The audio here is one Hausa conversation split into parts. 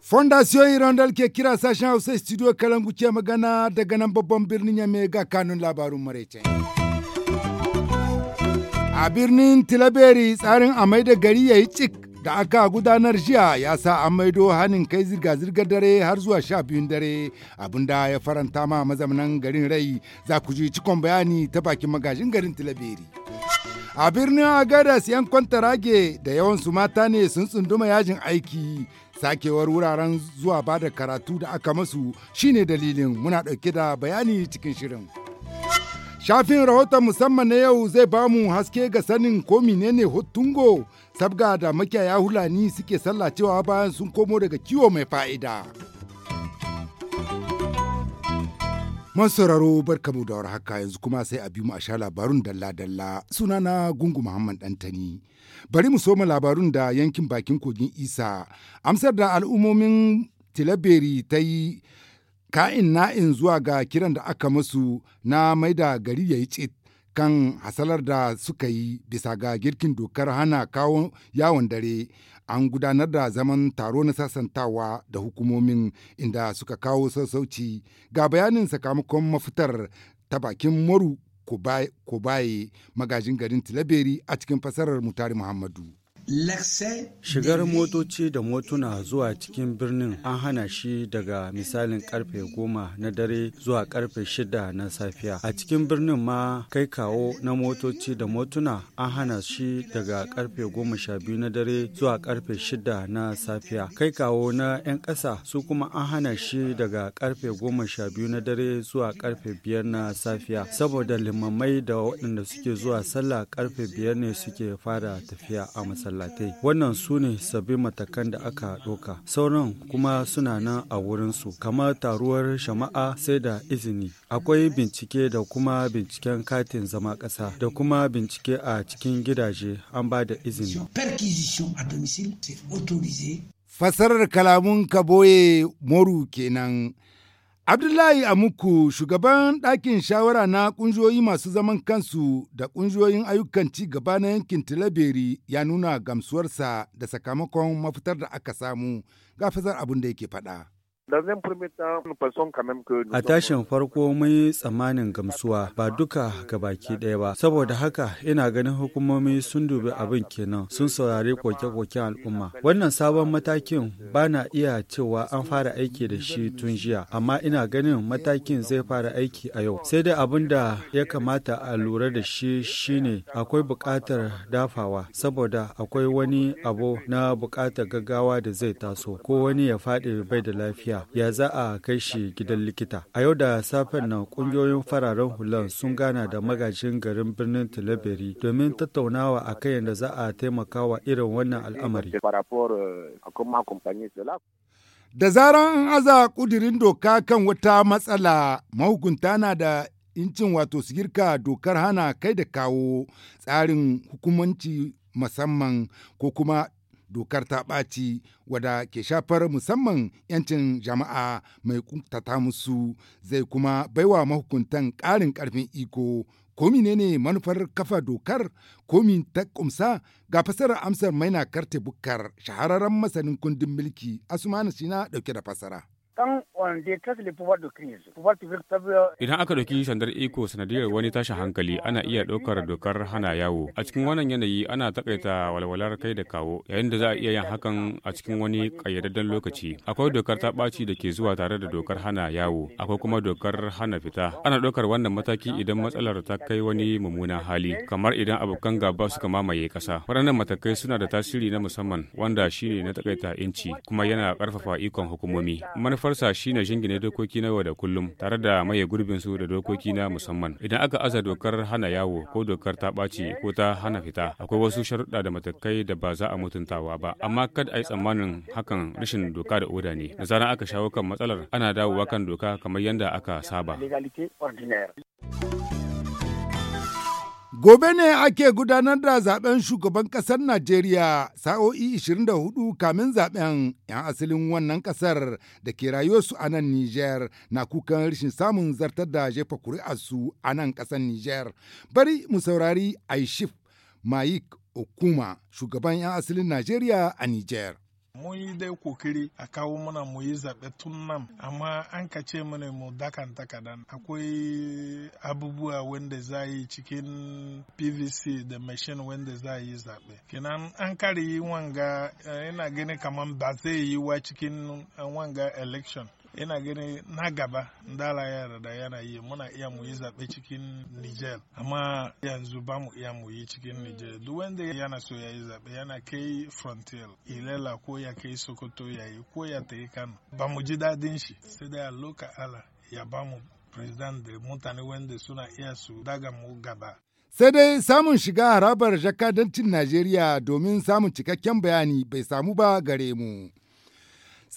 Fondation Irondal ke kira sashen Hausa studio Kalangu ke magana daga nan babban birnin Yame ga kanun labarun maraice A birnin Tilaberi tsarin amai da gari yayi cik da aka gudanar jiya ya sa an maido hannun kai zirga-zirgar dare har zuwa sha biyun dare abinda ya faranta ma mazaunan garin rai za ku ji cikon bayani ta bakin magajin garin tilaberi a birnin agadas yan kwantarage da yawansu mata ne sun tsunduma yajin aiki sakewar wuraren zuwa ba da karatu da aka masu shine dalilin muna ɗauke da bayani cikin shirin shafin rahoton musamman na yau zai bamu haske ga sanin ko menene hotungo sabga da makiyaya hulani suke sallacewa bayan sun komo daga kiwo mai fa'ida. bar kamu da war haka yanzu kuma sai a bi mu a sha labarun dalla-dalla suna na Gungu Muhammad Dantani. Bari mu soma labarun da yankin bakin kogin Isa, amsar da al'ummomin Tilaberi ta yi ka'in na'in zuwa ga kiran da aka masu na maida gari ya yi tsit kan hasalar da suka yi bisa ga girkin dokar hana kawo yawon dare an gudanar da zaman taro na sasantawa da hukumomin inda suka kawo sassauci ga bayanin sakamakon mafitar ta bakin ko baye magajin garin tilaberi a cikin fasarar mutari muhammadu Shigar motoci da motuna zuwa cikin birnin an hana shi daga misalin karfe goma na dare zuwa karfe shida na safiya. A cikin birnin ma kai kawo na motoci da motuna an hana shi daga karfe goma sha biyu na dare zuwa karfe shida na safiya. Kai kawo na 'yan ƙasa su kuma an hana shi daga karfe goma sha biyu na dare zuwa karfe biyar na safiya. Saboda limamai da waɗanda suke zuwa sallah karfe biyar ne suke fara tafiya a masallaci. masallatai wannan su ne sabbin matakan da aka doka. sauran kuma suna nan a wurinsu kamar taruwar shama'a sai da izini akwai bincike da kuma binciken katin zama ƙasa da kuma bincike a cikin gidaje an ba da izini fasarar kalamun kaboye moru kenan Abdullahi Amuku, shugaban ɗakin shawara na ƙungiyoyi masu zaman kansu da ƙungiyoyin ayyukan ci gaba na yankin Tilaberi ya nuna gamsuwarsa da sakamakon mafitar da aka samu ga fasar abin da yake faɗa. A tashin farko mun yi tsammanin gamsuwa ba duka ga baki ɗaya ba, saboda haka ina ganin hukumomi sun dubi abin kenan sun saurari koke-koken al'umma. Wannan sabon matakin ba na iya cewa an fara aiki da shi tun jiya, amma ina ganin matakin zai fara aiki a yau. Sai dai abin da ya kamata a lura da shi shine akwai buƙatar dafawa, saboda akwai wani abu na buƙatar gaggawa da zai taso, ko wani ya faɗi bai da lafiya. lafiya ya za a kai shi gidan likita. A yau da safen nan kungiyoyin fararen hulan sun gana da magajin garin birnin Tilaberi domin tattaunawa a kan yadda za a taimaka wa irin wannan al'amari. Da zaran an aza kudirin doka kan wata matsala mahukunta na da incin wato su dokar hana kai da kawo tsarin hukumanci musamman ko kuma dokar ta ɓaci wada ke shafar musamman 'yancin jama'a mai kuntata musu zai kuma baiwa mahukuntan ƙarin ƙarfin iko ko ne manufar kafa dokar komi ta kumsa ga fasarar amsar maina karte bukkar shahararren masanin kundin mulki asumani shi na dauke da fasara Idan aka ɗauki sandar iko sanadiyar wani tashin hankali ana iya ɗaukar dokar hana yawo. A cikin wannan yanayi ana takaita walwalar kai da kawo yayin da za a iya yin hakan a cikin wani ƙayyadadden lokaci. Akwai dokar ta ɓaci da ke zuwa tare da dokar hana yawo, akwai kuma dokar hana fita. Ana ɗaukar wannan mataki idan matsalar ta kai wani mummunan hali, kamar idan abokan gaba suka mamaye ƙasa. Waɗannan matakai suna da tasiri na musamman wanda shine na takaita inci kuma yana ƙarfafa ikon hukumomi. Manufa manufarsa shine jingine dokoki na yau da kullum tare da maye gurbin su da dokoki na musamman. Idan aka aza dokar hana yawo ko dokar ta ɓaci ko ta hana fita, akwai wasu sharuɗa da matakai da ba za a mutuntawa ba, amma kada a yi tsammanin hakan rashin doka da oda ne. Da zaran aka shawo kan matsalar ana dawowa kan doka kamar yadda aka saba. Gobe ne ake gudanar da zaben shugaban ƙasar Najeriya sa'o'i 24 kamin zaben 'yan asalin wannan ƙasar da ke su a nan Nijar na kukan rashin samun zartar da jefa su a nan ƙasar Nijar. Bari mu saurari Aishif Mayik Okuma, shugaban 'yan asalin Najeriya a Nijar. mun yi dai kokari a kawo mana mu yi zaɓe tun nan amma an kace mana mu dakan takadan akwai abubuwa wanda za yi cikin pvc da machine wanda za yi zaɓe kenan an kare yi wanga yana eh, gani kamar ba zai yi wa cikin eh, wanga election yana gani na gaba ndala yara da yana yi muna iya mu yi zaɓe cikin Nijel amma yanzu ba mu iya mu yi cikin Nijel mm. duk wanda yana so ya yi zaɓe yana kai frontier ilela ko ya kai sokoto ya yi ko ya ta yi kano ba mu ji daɗin shi sai da loka ala ya ba mu president da mutane wanda suna iya su daga mu gaba sai dai samun shiga harabar jakadancin najeriya domin samun cikakken bayani bai samu ba gare mu.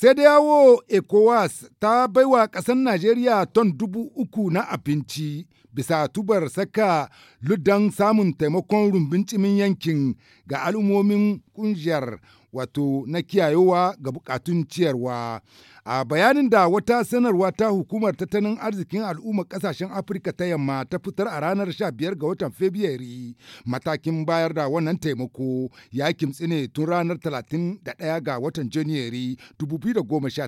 Sai da yawo ECOWAS ta baiwa ƙasar Najeriya ton dubu uku na abinci bisa tubar saka ludan samun taimakon rumbin cimin yankin ga al'ummomin kungiyar wato na kiyayewa ga bukatun ciyarwa. A bayanin da wata sanarwa ta hukumar tattalin arzikin al'umma kasashen Afirka ta yamma ta fitar a ranar 15 ga watan Fabrairu matakin bayar da wannan taimako ya kimtsi ne tun ranar 31 ga watan Janairu 2019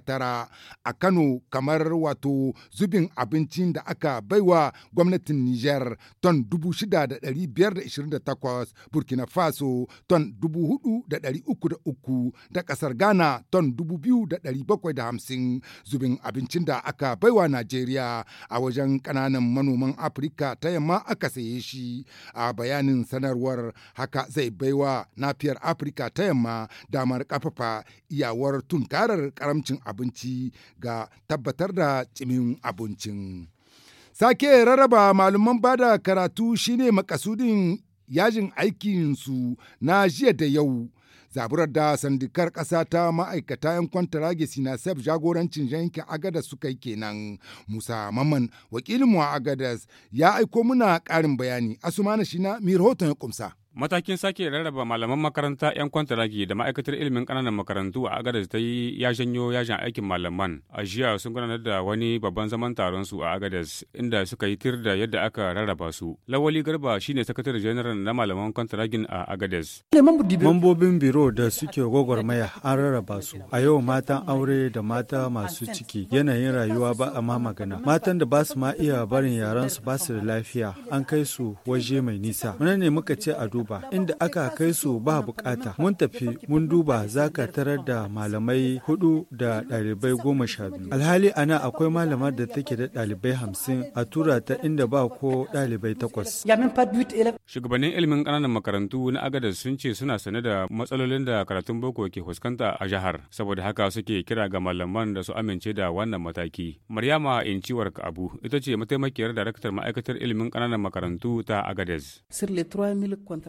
a Kano kamar wato zubin abincin da aka baiwa gwamnati gwamnatin Nijar ton 6,528, Burkina Faso ton 4,303 da ƙasar Ghana ton 2,750 zubin abincin da aka baiwa Najeriya a wajen ƙananan manoman Afirka ta yamma aka saye shi a bayanin sanarwar haka zai baiwa nafiyar Afirka ta yamma damar ƙafafa iyawar tunkarar karamcin abinci ga tabbatar da tsimin abincin. Sake rarraba malaman bada karatu shine makasudin yajin aikinsu na jiya da yau. zaburar da sandikar ƙasa ta ma'aikata 'yan rage sinasef jagorancin yankin agadas suka yi kenan musa maman wakilinmu a agadas ya aiko muna ƙarin bayani asumana shina mi rahoton ya kumsa Matakin sake rarraba malaman makaranta 'yan kwantaragi da ma'aikatar ilimin ƙananan makarantu a Agadez ta yi ya janyo yajin aikin malaman. A jiya sun gudanar da wani babban zaman taron su a Agadez inda suka yi tir da yadda aka rarraba su. Lawali Garba shine sakatare general na malaman kwantaragin a Agadez. Mambobin biro da suke gwagwarmaya an rarraba su. A yau matan aure da mata masu ciki yanayin rayuwa ba a ma magana. Matan da ba su ma iya barin yaran su ba su da lafiya an kai su waje mai nisa. Muna ne muka ce a ba inda aka kai su ba bukata mun tafi mun duba za ka tarar da malamai hudu da ɗalibai goma sha biyu alhali ana akwai malamar da take da ɗalibai hamsin a tura ta inda ba ko ɗalibai takwas shugabannin ilimin ƙananan makarantu na agadar sun ce suna sane da matsalolin da karatun boko ke fuskanta a jihar saboda haka suke kira ga malaman da su amince da wannan mataki maryama inciwar abu ita ce mataimakiyar daraktar ma'aikatar ilimin ƙananan makarantu ta agadez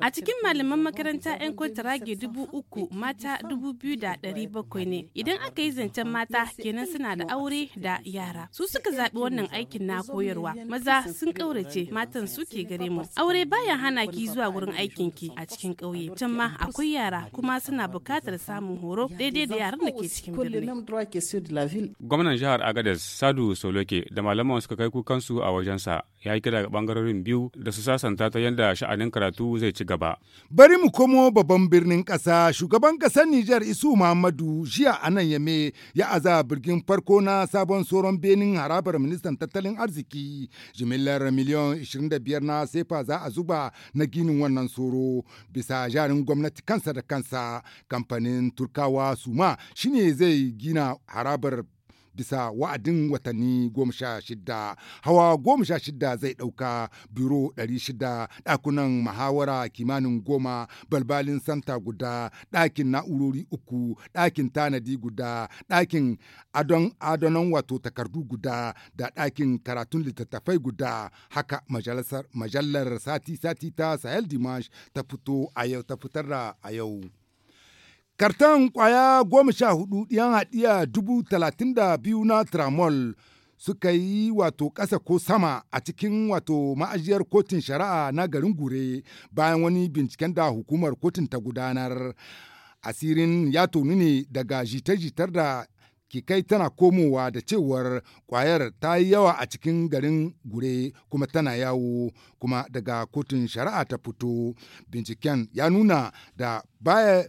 A cikin malaman makaranta 'yan kwantarage dubu uku mata dubu biyu da ɗari bakwai ne. Idan aka yi zancen mata kenan suna da aure da yara. Su suka zaɓi wannan aikin na koyarwa. Maza sun ƙaurace matan suke gare mu. Aure baya hana ki zuwa wurin aikin ki a cikin ƙauye. Can ma akwai yara kuma suna buƙatar samun horo daidai da yaran da ke cikin birni. Gwamnan jihar Agadez Sadu Soloke da malaman suka kai kukansu a wajensa ya yi kira ga ɓangarorin biyu da su sasanta ta yadda sha'anin karatu zai ci gaba. Bari mu komo babban birnin ƙasa, shugaban ƙasar Nijar Isu Muhammadu jiya anan nan yame ya aza birgin farko na sabon soron benin harabar ministan tattalin arziki. Jimillar miliyan 25 na sefa za a zuba na ginin wannan soro bisa jarin gwamnati kansa da kansa kamfanin Turkawa Suma shine zai gina harabar bisa wa'adin watanni goma sha shida hawa goma sha shida zai ɗauka biro ɗari shida ɗakunan mahawara kimanin goma balbalin santa guda ɗakin na'urori uku ɗakin tanadi guda ɗakin adon adonan wato takardu guda da ɗakin karatun littattafai guda haka majalar sati-sati ta sahel dimash ta fito a yau ta fitar da a yau. Kartan kwaya goma sha hudu yan haɗiya dubu talatin da biyu na tramol suka yi wato ƙasa ko sama a cikin wato ma'ajiyar kotun shari'a na garin gure bayan wani binciken da hukumar kotun ta gudanar. Asirin ya tonu ne daga jita-jitar da ke kai tana komowa da cewar kwayar ta yi yawa a cikin garin gure kuma tana yawo kuma daga kotun shari'a ta fito binciken ya nuna da baya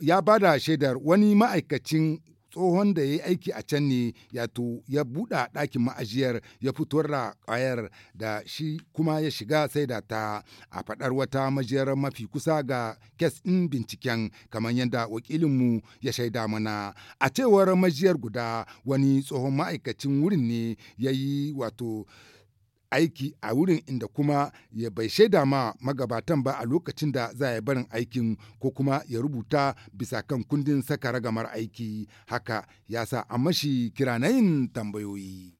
ya ba da shaidar wani ma'aikacin tsohon da ya yi aiki a can ne yato ya buɗa ɗakin ma'ajiyar ya fito da ƙwayar da shi kuma ya shiga sai da ta a faɗar wata majiyar mafi kusa ga kes ɗin binciken kamar yadda wakilinmu ya shaida mana a cewar majiyar guda wani tsohon ma'aikacin wurin ne ya yi wato aiki a wurin inda kuma ya bai shaida ma magabatan ba a lokacin da za ya barin aikin ko kuma ya rubuta bisa kan kundin saka ragamar aiki haka ya sa a mashi kira yin tambayoyi.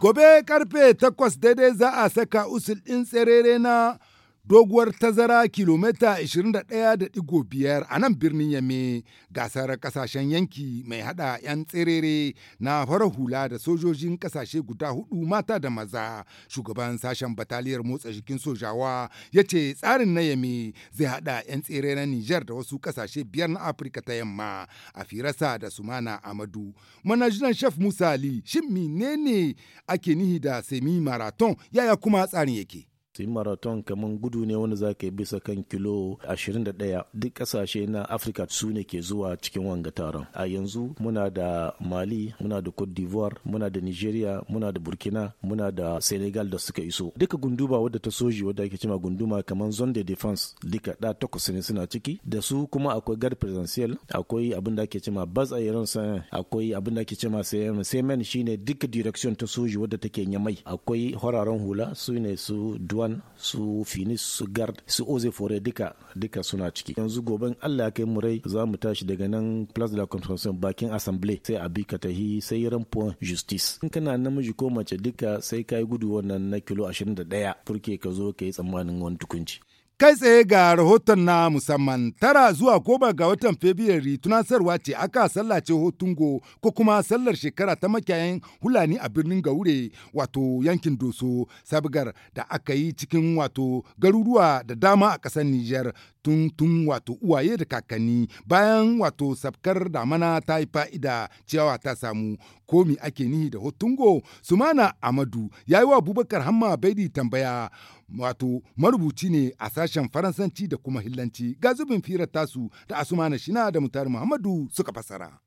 Gobe karfe takwas daidai za a saka usul ɗin tserere na doguwar tazara kilomita 21.5 a nan birnin Yame gasar kasashen yanki mai hada 'yan tserere na fara hula da sojojin kasashe guda hudu mata da maza. Shugaban sashen bataliyar motsa jikin sojawa ya ce tsarin na Yame zai hada 'yan tsere na niger da wasu kasashe biyar na Afirka ta yamma a firasa da Sumana Amadu. Manajinan Chef Musa Ali shin menene ake nihi da semi marathon yaya kuma tsarin yake? su marathon kamar gudu ne wanda za ka yi bisa kan kilo 21 duk kasashe na afirka su ne ke zuwa cikin wanga taron a yanzu muna da mali muna da cote d'ivoire muna da nigeria muna da burkina muna da senegal da suka iso duka gunduma wadda ta soji wadda ake cima gunduma kamar zone de defense duka da takwas ne suna ciki da su kuma akwai guard presidential akwai abin da ake cima bas iron san akwai abin da ake cima semen shine duka direction ta soji wadda take yamai akwai horaren hula su ne su ruwan su finis su gard su oze fore duka duka suna ciki yanzu goben allah ya kai mu rai za mu tashi daga nan place de la constitution bakin assemblée sai a bi ka tahi sai ran point justice in kana namiji ko mace duka sai kai gudu wannan na kilo 21 furke ka zo ka yi tsammanin wani tukunci Kai tsaye ga rahoton na musamman tara zuwa goma ga watan Fabrairu tunasarwa ce aka sallace hotungo ko kuma sallar shekara ta makiyayin hulani a birnin Gaure wato yankin Doso sabgar da aka yi cikin wato garuruwa da dama a ƙasar Nijar tun tun wato uwaye da kakanni bayan wato sabkar damana ta yi fa'ida ciyawa ta samu komi ake nihi da hotungo sumana Amadu ya yi wa Abubakar Hamma Baidi tambaya wato marubuci ne a sashen Faransanci da kuma Hillanci ga zubin firar tasu da Asumana Shina da Mutari Muhammadu suka fasara.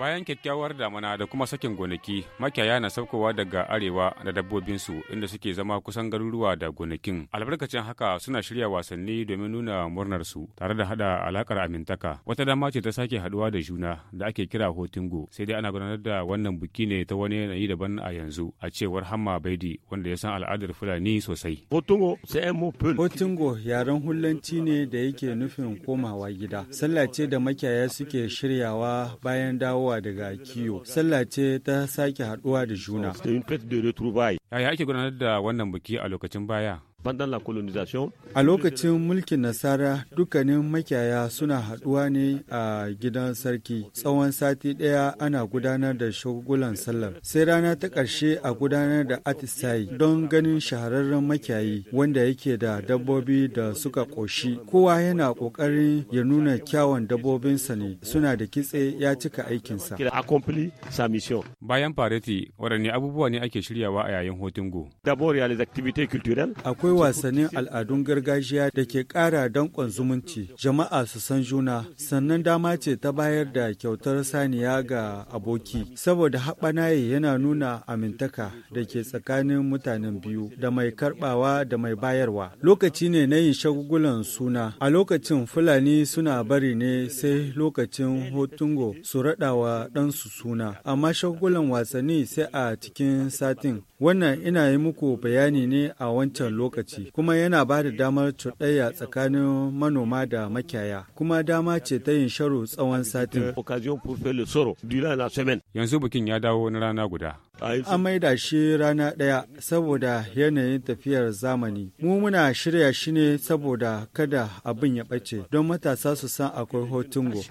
Bayan kyakkyawar damana da kuma sakin gonaki, makiyaya na saukowa daga arewa da dabbobinsu inda suke zama kusan garuruwa da gonakin. Albarkacin haka suna shirya wasanni domin nuna murnarsu tare da hada alakar amintaka. Wata dama ce ta sake haduwa da juna da ake kira hotingo, sai dai ana gudanar da wannan buki ne ta wani yanayi daban a yanzu, a cewar Hamma Baidi wanda ya san al'adar Fulani sosai. Hotingo yaren hullanci ne da yake nufin komawa gida. Sallah ce da makiyaya suke shiryawa bayan dawo dawowa daga kiyo sallah ce ta sake haduwa da juna yaya ake gudanar da wannan biki a lokacin baya A lokacin mulkin nasara dukkanin makiyaya suna haɗuwa ne a gidan sarki tsawon sati ɗaya ana gudanar da shagulan sallar. Sai rana ta ƙarshe a gudanar da atisayi don ganin shahararren makiyayi wanda yake da dabbobi da suka ƙoshi. Kowa yana ƙoƙarin ya nuna kyawun dabbobinsa ne suna da kitse ya cika aikinsa. Bayan fareti, waɗanne abubuwa ne ake shiryawa a yayin hotungo? Akwai akwai wasannin al'adun gargajiya da ke ƙara danƙon zumunci, jama'a su san juna, sannan dama ce ta bayar da kyautar saniya ga aboki, saboda haɓanaye yana nuna amintaka da ke tsakanin mutanen biyu da mai karɓawa da mai bayarwa. Lokaci ne na yin shagugulan suna, a lokacin Fulani suna bari ne sai lokacin Hotungo su raɗawa ɗansu suna, amma shagugulan wasanni sai a cikin satin Wannan ina yi muku bayani ne a wancan lokaci, kuma yana ba da damar cuɗaya tsakanin manoma da makiyaya, kuma dama ce ta yin sharo tsawon satin. Yanzu bikin ya dawo na rana guda. An maida shi rana ɗaya saboda yanayin tafiyar zamani. Mu muna shirya shi ne saboda kada abin ya ɓace don matasa su san akwai hotungo.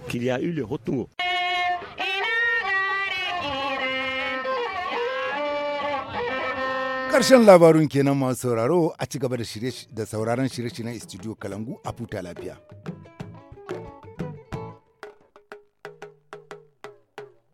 Ƙarshen labarun kenan masu sauraro a ci gaba da sauraron shirye-shiryen Studio Kalangu a futa lafiya.